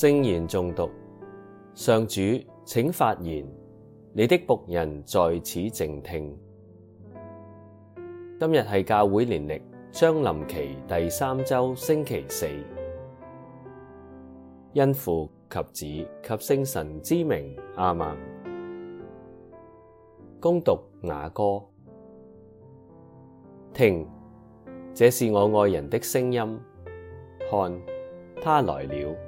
聖言誦讀，上主，請發言，你的僕人在此靜聽。今日係教會年曆將臨期第三周星期四，因父及子及聖神之名阿曼，恭讀雅歌。聽，這是我愛人的聲音，看，他來了。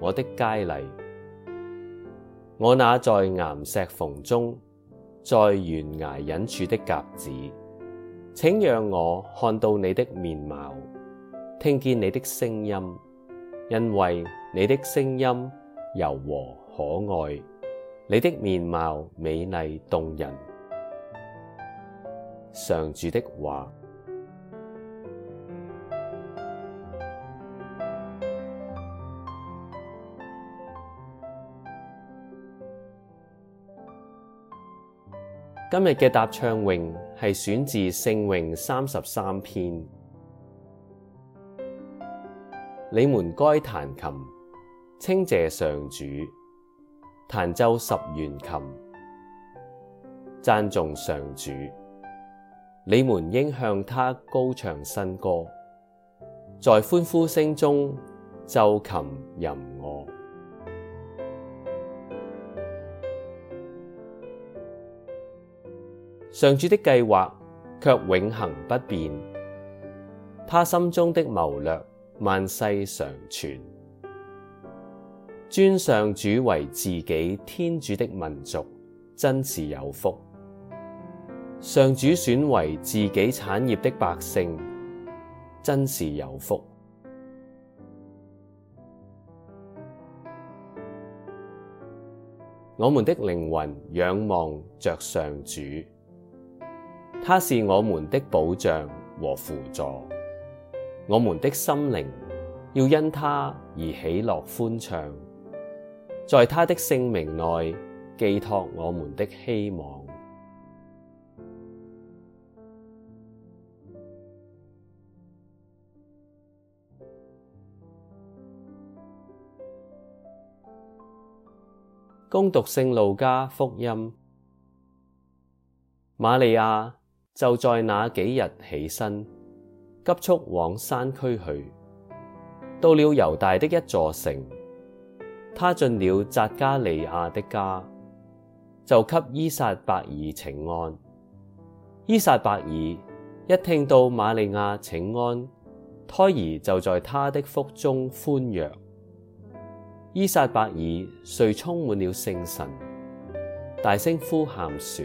我的佳麗，我那在岩石縫中、在懸崖隱處的鴿子，請讓我看到你的面貌，聽見你的聲音，因為你的聲音柔和可愛，你的面貌美麗動人。上主的話。今日嘅答唱詠係選自聖詠三十三篇，你們該彈琴，稱謝上主，彈奏十絃琴，讚頌上主。你們應向他高唱新歌，在歡呼聲中奏琴吟哦。上主的計劃卻永恒不變，他心中的謀略萬世常傳。尊上主為自己天主的民族，真是有福；上主選為自己產業的百姓，真是有福。我們的靈魂仰望着上主。他是我們的保障和扶助，我們的心靈要因他而喜樂歡暢，在他的聖名內寄託我們的希望。恭讀聖路加福音，瑪利亞。就在那幾日起身，急速往山區去。到了猶大的一座城，他進了匝加利亞的家，就給依撒伯爾請安。依撒伯爾一聽到瑪利亞請安，胎兒就在他的腹中歡躍。依撒伯爾遂充滿了聖神，大聲呼喊說。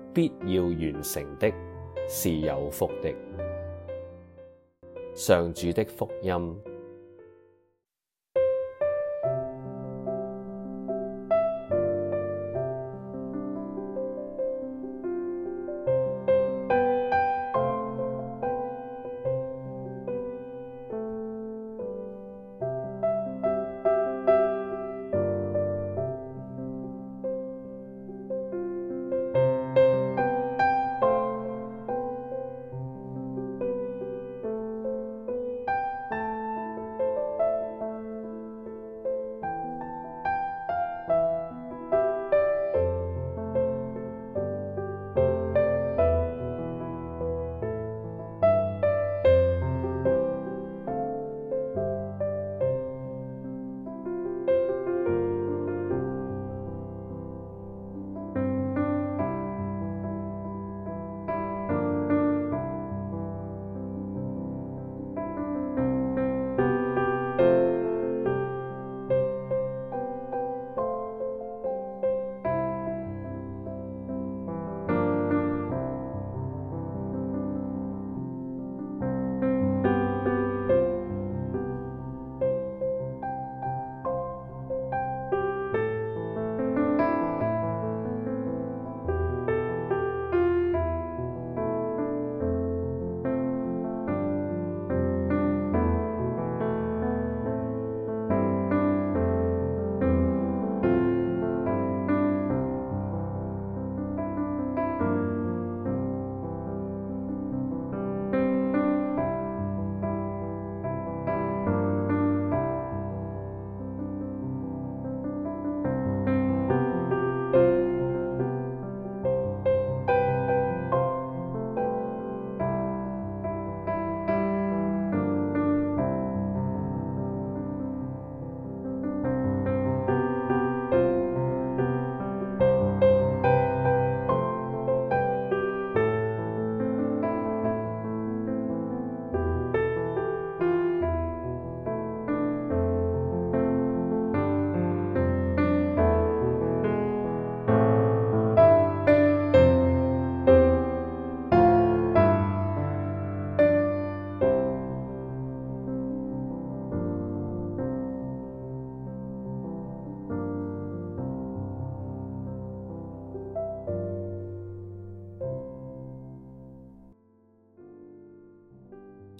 必要完成的，是有福的。上主的福音。